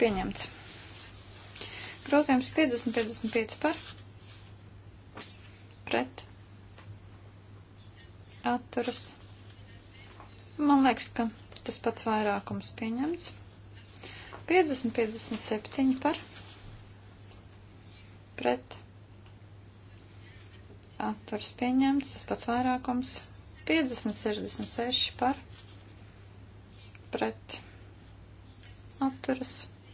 Pieņemts. Grozījums 50-55 par. Pret. Atturas. Man liekas, ka tas pats vairākums pieņemts. 50-57 par. Pret. Atturas pieņemts. Tas pats vairākums. 50-66 par. Pret. Atturas pieņemts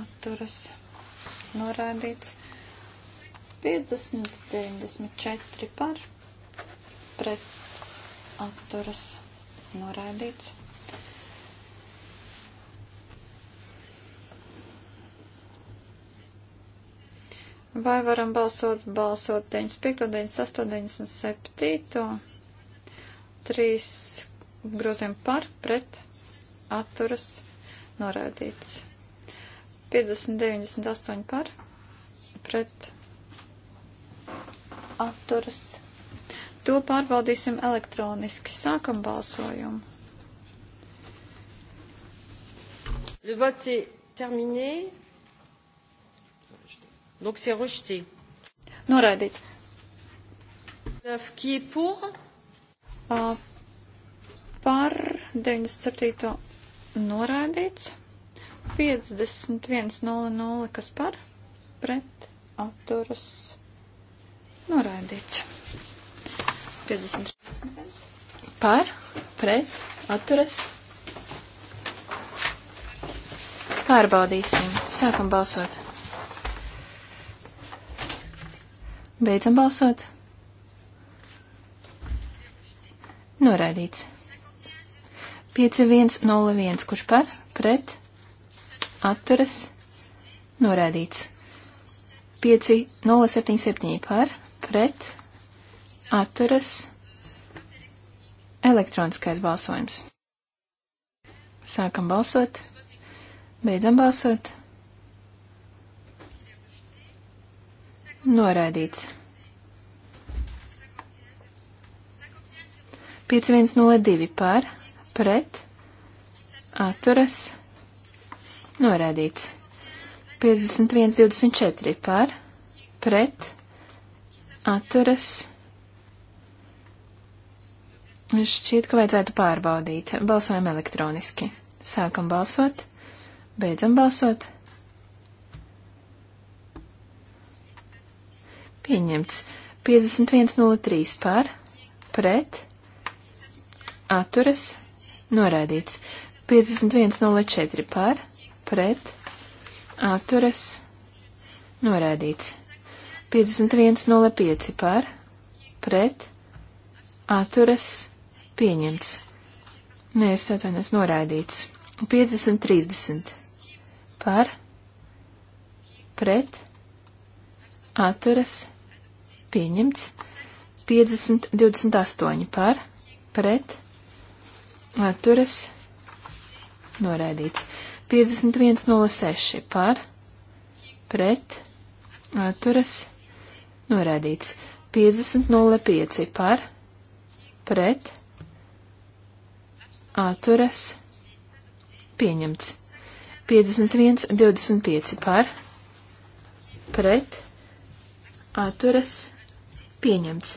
atturas norādīts. 50, 94 par pret atturas norādīts. Vai varam balsot, balsot 95, 96, 97, 3 groziem par, pret, atturas, norādīts. 50, 98 par, pret atturas. To pārbaudīsim elektroniski. Sākam balsojumu. Le vote est terminé. Donc c'est rejeté. Noraidīts. Qui est pour? Uh, par 97. noraidīts. 51.00, kas par pret atturas noraidīts. 53. Par pret atturas Pārbaudīsim. Sākam balsot. Beidzam balsot. Noraidīts. 5101, kurš par, pret, atturas norādīts. 5077 par pret atturas elektroniskais balsojums. Sākam balsot, beidzam balsot. Noraidīts. 5102 par, pret, atturas, Norādīts. 51.24 par, pret, atturas. Šķiet, ka vajadzētu pārbaudīt. Balsojam elektroniski. Sākam balsot, beidzam balsot. Pieņemts. 51.03 par, pret, atturas, norādīts. 51.04 par, pret, atturas, norādīts. 51.05 par, pret, atturas, pieņemts. Nē, es atvainos, norādīts. 50.30 par, pret, atturas, pieņemts. 50.28 par, pret, atturas, pieņemts atturas, noraidīts. 51.06 par, pret, atturas, norādīts. 50.05 par, pret, atturas, pieņemts. 51.25 par, pret, atturas, pieņemts.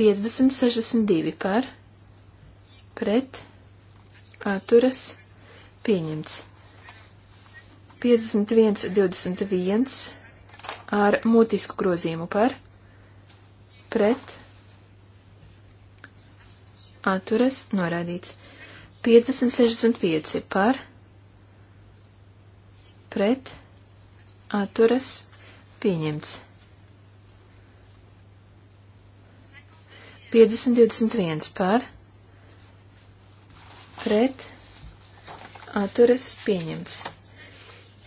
50.62 par, pret, atturas, pieņemts. 51.21 ar mutisku grozījumu par, pret, atturas, norādīts. 50.65 par, pret, atturas, pieņemts. 50.21 par, pret, atturas, pieņemts.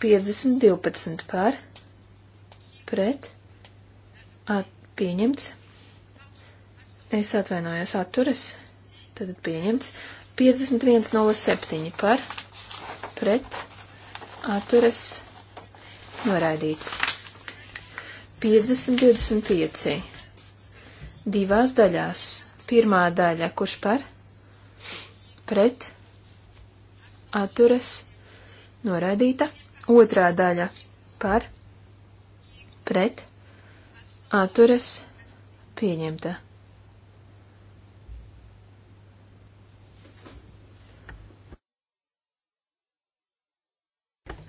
5012 par, pret, at, pieņemts. Es atvainojos atturas, tad pieņemts. 5107 par, pret, atturas, noraidīts. 5025 divās daļās. Pirmā daļa, kurš par, pret, atturas, noraidīta. Otrā daļa par, pret, atturas, pieņemta.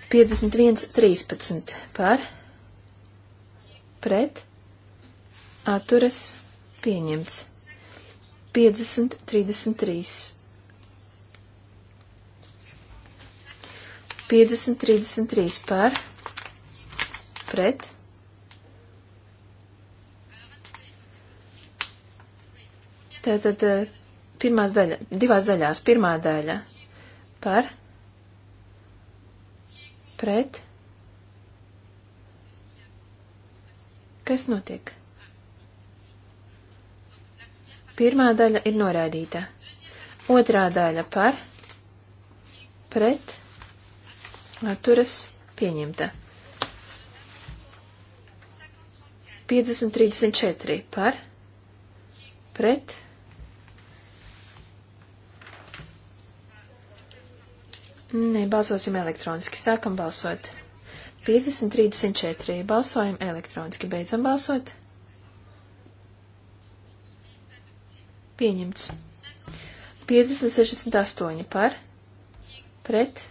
Piecdesmit viens trīspadsmit par, pret, atturas, pieņemts. Piecdesmit trīsdesmit trīs 50-33 par pret. Tātad eh, pirmās daļa, divās daļās. Pirmā daļa par pret. Kas notiek? Pirmā daļa ir noraidīta. Otrā daļa par pret. Atturas pieņemta. 50-34 par pret. Nē, balsosim elektroniski. Sākam balsot. 50-34. Balsojam elektroniski. Beidzam balsot. Pieņemts. 50-68 par pret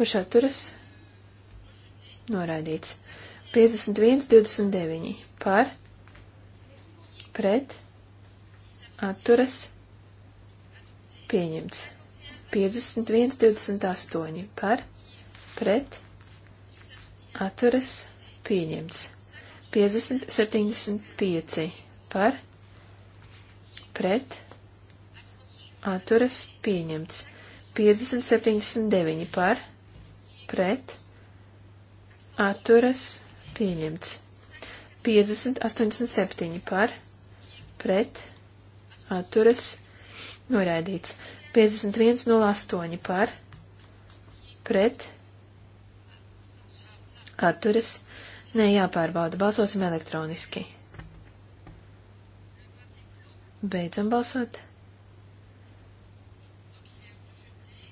kurš atturas noraidīts. 51, 29 par, pret, atturas, pieņemts. 51, 28 par, pret, atturas, pieņemts. 50, 75 par, pret, atturas, pieņemts. 50, 79 par, pret, atturas, pieņemts. 50, 87 par, pret, atturas, noraidīts. 51, 08 par, pret, atturas, nē, jāpārbauda, balsosim elektroniski. Beidzam balsot.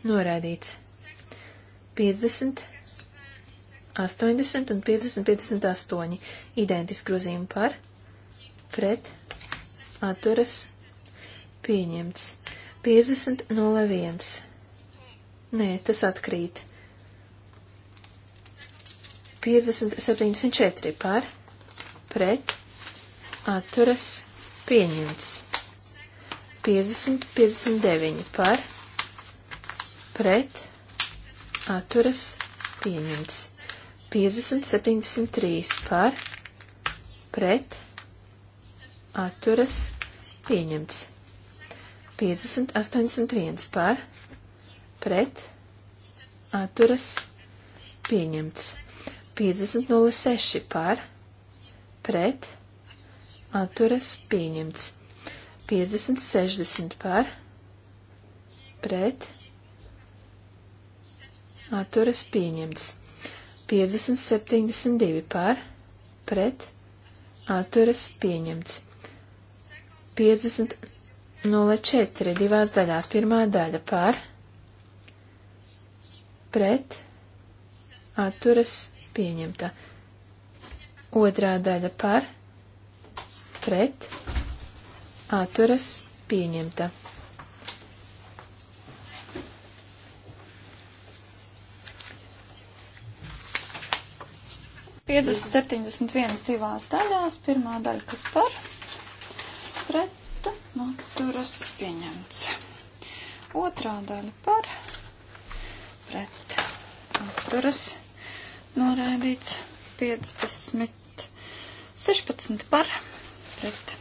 Noraidīts. 50, 80 un 50, 58 identiski grozījumi par, pret, atturas, pieņemts. 50, 01. Nē, tas atkrīt. 50, 74 par, pret, atturas, pieņemts. 50, 59 par, pret, atturas pieņemts. 50, 73 par, pret, atturas pieņemts. 50, 81 par, pret, atturas pieņemts. 50, 06 par, pret, atturas pieņemts. 50, 60 par, pret, atturas pieņemts. 50, 72 par, pret, atturas pieņemts. 50, 04 divās daļās, pirmā daļa par, pret, atturas pieņemta. Otrā daļa par, pret, atturas pieņemta. 50, 71 divās daļās. Pirmā daļa, kas par pret atturas pieņemts. Otrā daļa par pret atturas noraidīts. 50, 16 par pret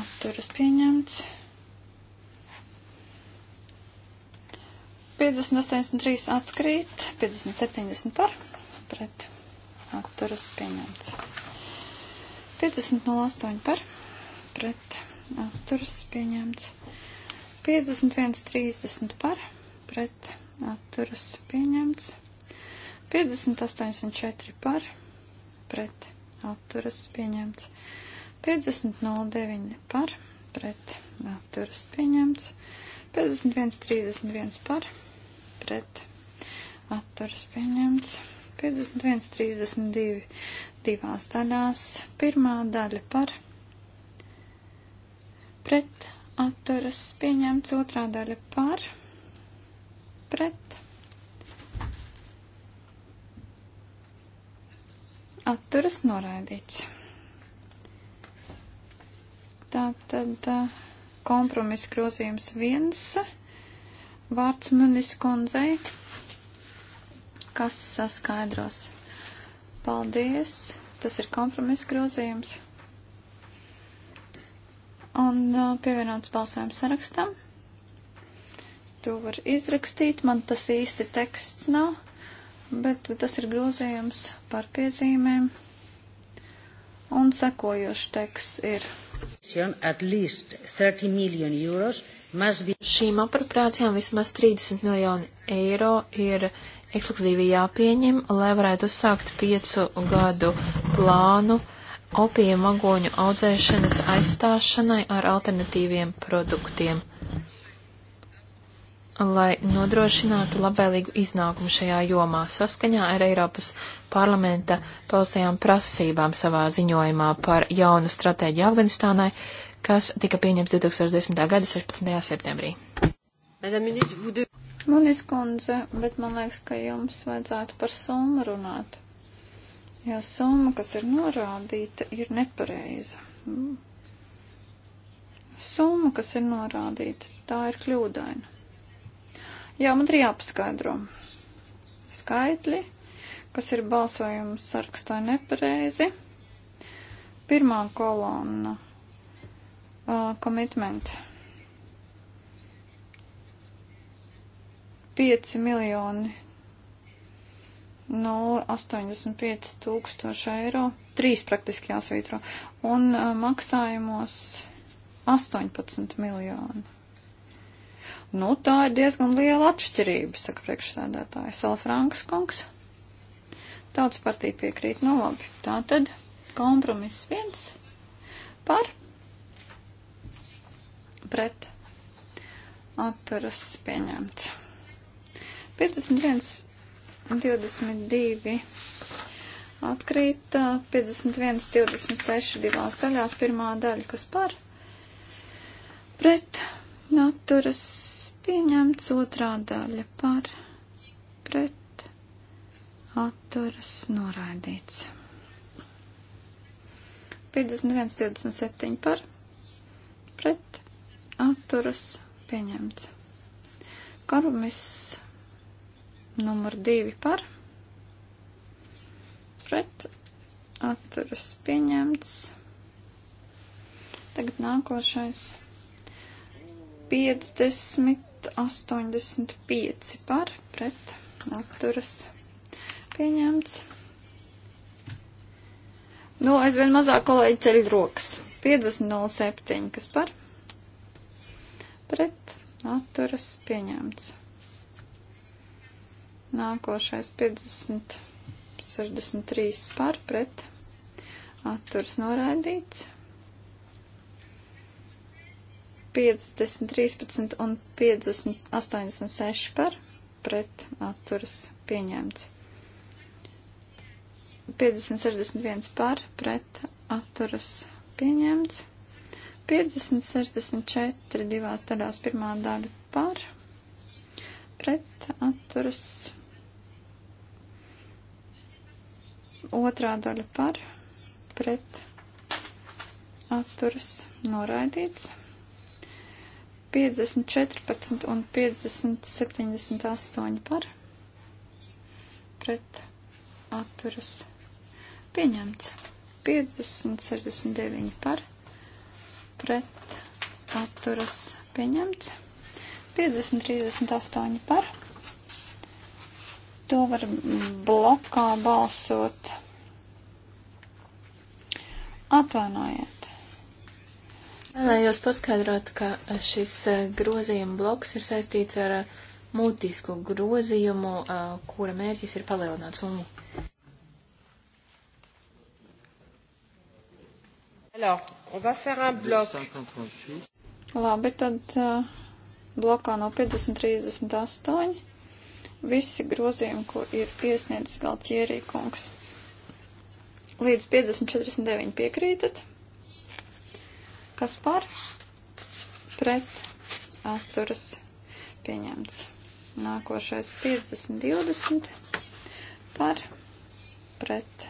atturas pieņemts. 50, 83 atkrīt, 50, 70 par pret atturas pieņemts. 50.08 par pret atturas pieņemts. 51.30 par pret atturas pieņemts. 50.84 par pret atturas pieņemts. 50.09 par pret atturas pieņemts. 51.31 par pret atturas pieņemts. 51, 32 divās daļās. Pirmā daļa par pret atturas pieņemts, otrā daļa par pret atturas noraidīts. Tātad eh, kompromiss grozījums viens vārds munis kundzei kas saskaidros. Paldies! Tas ir kompromiss grozījums. Un uh, pievienots balsojums sarakstam. To var izrakstīt. Man tas īsti teksts nav, bet tas ir grozījums par piezīmēm. Un sekojošs teksts ir. Be... Šīm apropriācijām vismaz 30 miljoni eiro ir ekskluzīvi jāpieņem, lai varētu uzsākt piecu gadu plānu opija magoņu audzēšanas aizstāšanai ar alternatīviem produktiem, lai nodrošinātu labvēlīgu iznākumu šajā jomā saskaņā ar Eiropas parlamenta paustajām prasībām savā ziņojumā par jaunu stratēģiju Afganistānai, kas tika pieņemts 2010. gada 16. septembrī. Munis kundze, bet man liekas, ka jums vajadzētu par summu runāt. Jo summa, kas ir norādīta, ir nepareiza. Summa, kas ir norādīta, tā ir kļūdaina. Jā, man ir jāpaskaidro. Skaitļi, kas ir balsojuma sarakstā nepareizi. Pirmā kolonna uh, komitmenta 5 miljoni 0,85 tūkstoši eiro, 3 praktiski jāsvītro, un uh, maksājumos 18 miljoni. Nu, tā ir diezgan liela atšķirība, saka priekšsēdētāja Salafrankas kungs. Tautas partija piekrīt, nu labi, tā tad kompromiss viens par pret atturas pieņemts. 51, 22 atkrīt, 51, 26 divās daļās, pirmā daļa, kas par pret naturas pieņemts, otrā daļa par pret atturas noraidīts. 51, 27 par, pret, atturas, pieņemts. Kompromiss Numur divi par. Pret. Atturas pieņemts. Tagad nākošais. 50, 85 par. Pret. Atturas pieņemts. Nu, aizvien mazāk kolēģi ceļ rokas. 50.07, kas par? Pret. Atturas pieņemts. Nākošais 50, 63 par pret atturs noraidīts. 50, 13 un 50, 86 par pret atturs pieņemts. 50, 61 par pret atturs pieņemts. 50, 64 divās daļās pirmā daļa par pret pret atturas otrā daļa par pret atturas noraidīts. 50, 14 un 50, 78 par pret atturas pieņemts. 50, 69 par pret atturas pieņemts. 50, 38 par. To var blokā balsot. Atvainojiet. Vēlējos paskaidrot, ka šis e, grozījuma bloks ir saistīts ar e, mutisku grozījumu, e, kura mērķis ir palielināt summu. Alors, on va faire un bloc. Labi, tad uh, blokā no 5038. Visi grozījumi, ko ir iesniedzis Galtierī kungs. Līdz 5049 piekrītat. Kas par? Pret atturas pieņemts. Nākošais 5020 par pret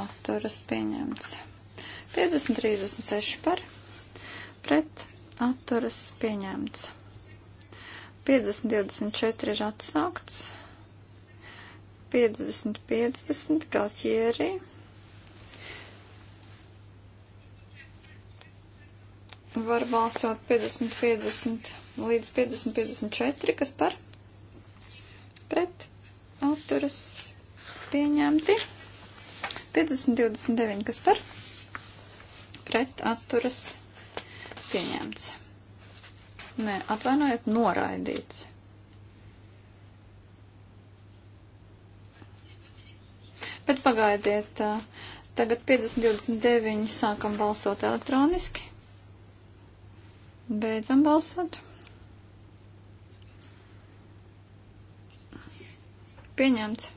atturas pieņemts. 5036 par pret atturas pieņemts. 50-24 ir atsaukts. 50-50 galķierī. Var balsot 50-50 līdz 50-54, kas par pret atturas pieņemti. 50-29, kas par pret atturas pieņemti pieņemts. Nē, atvainojiet, noraidīts. Bet pagaidiet, tagad 50-29 sākam balsot elektroniski. Beidzam balsot. Pieņemts.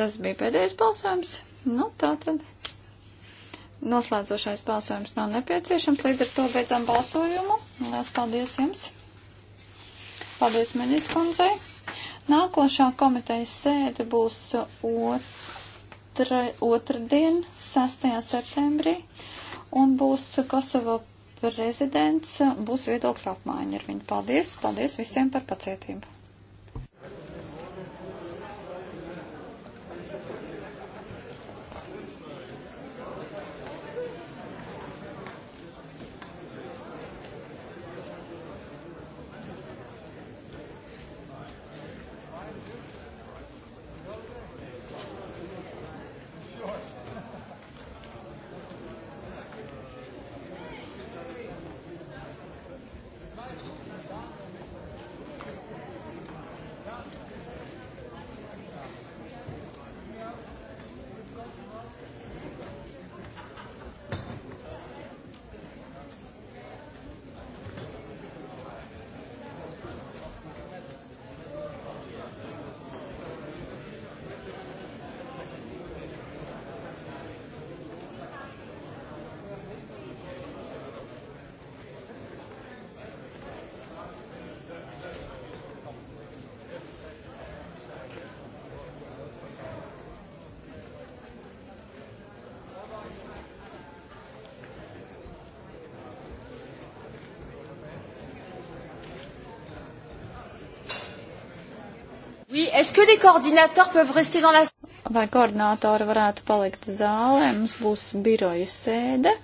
Tas bija pēdējais balsojums. Nu, tā tad. Noslēdzošais balsojums nav nepieciešams, līdz ar to beidzam balsojumu. Lielas paldies jums! Paldies, ministrs Nākošā komitejas sēde būs otra, otrdien, 6. septembrī, un būs Kosovo prezidents, būs viedokļa apmaiņa ar viņu. Paldies, paldies visiem par pacietību! Vai koordinātori varētu palikt zālē? Mums būs biroju sēde.